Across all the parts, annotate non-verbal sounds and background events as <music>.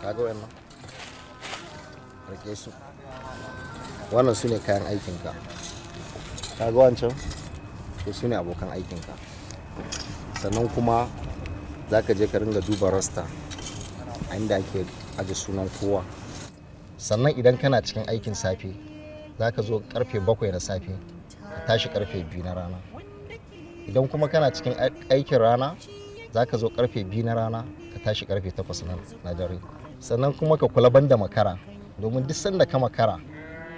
kaga wannan rike su wannan su ne kayan aikinka kaga wancan to su ne abokan aikinka sannan kuma za ka je ka ringa duba rasta a inda ake aje sunan kowa sannan idan kana cikin aikin safe za ka zo karfe bakwai na safe ka tashi karfe biyu na rana idan kuma kana cikin aikin rana za ka zo karfe biyu na rana ka tashi karfe takwas na dare sannan kuma ka kula banda makara domin duk sanda ka makara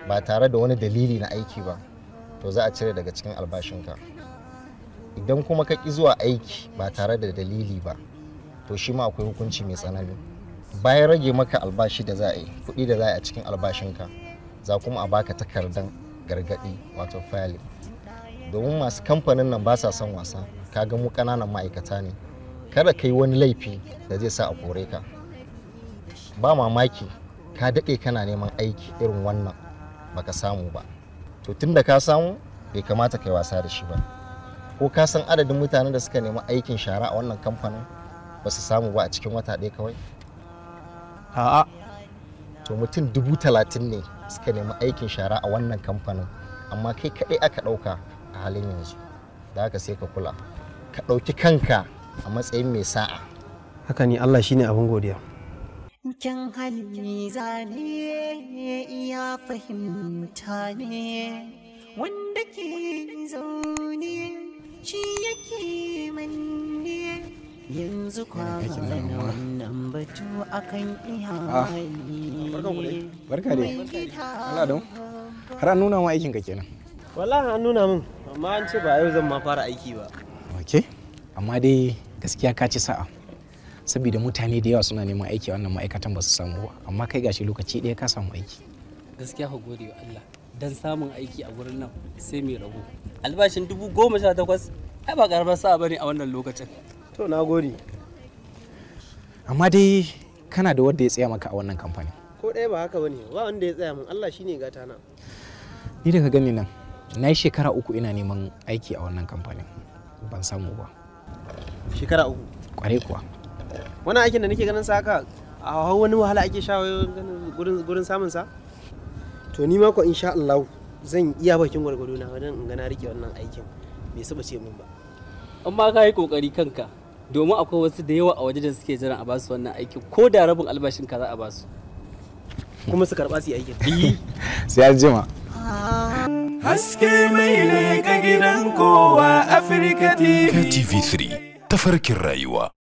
ba tare da wani dalili na aiki ba to za a cire daga cikin albashinka idan kuma ka ƙi zuwa aiki ba tare da dalili ba to shi ma akwai hukunci mai tsanani bayan rage maka albashi da za a yi kuɗi da za a yi a cikin albashinka za kuma a baka takardan gargaɗi wato filing domin masu kamfanin nan ba sa son wasa ka ga mu ƙananan ma'aikata ne kada ka yi wani laifi da zai sa a kore ka ba mamaki ka daɗe kana neman aiki irin wannan baka samu ba to tunda ka samu bai kamata kai wasa da shi ba ko ka san adadin mutanen da suka nemi aikin shara a wannan kamfanin ba su samu ba a cikin wata ɗaya kawai a'a to mutum dubu talatin ne suka nemi aikin shara a wannan kamfanin amma kai kaɗai aka ɗauka a halin yanzu da haka sai ka kula ka ɗauki kanka a matsayin mai sa'a haka ne allah shine abin godiya Kyan hali zane iya fahimta ne wanda ke zaune shi yake manne yanzu kwanan wannan batu akan ah, iya barka ne Allah don har an nuna ma aikin ka kenan wallahi an nuna min amma an ce ba yau zan ma fara aiki ba ok amma dai gaskiya ka ci sa'a saboda mutane da yawa suna neman aiki a wannan ma'aikatan ba su samu ba amma kai gashi lokaci ɗaya ka samu aiki gaskiya ku gode wa Allah dan samun aiki a gurin nan sai mai rabo albashin dubu goma sha takwas ai ba karamar sa'a bane a wannan lokacin to na gode amma dai kana da wanda ya tsaya maka a wannan kamfani ko ɗaya ba haka bane ba wanda ya tsaya min Allah shine gata na ni daga gani nan na yi shekara uku ina neman aiki a wannan kamfanin ban samu ba shekara uku kware kuwa wani aikin da nake ganin sa haka a wani wahala ake sha gurin samun sa to ni mako insha Allah zan iya bakin gwargwado na wajen in gana rike wannan aikin bai saba ce min ba amma ma kai kokari kanka domin akwai wasu da yawa a waje da suke jiran a basu wannan aikin ko da rabin albashin ka za a basu kuma su karba su aikin <laughs> sai aljima haske mai ne ga gidan kowa afirka tv3 tafarkin rayuwa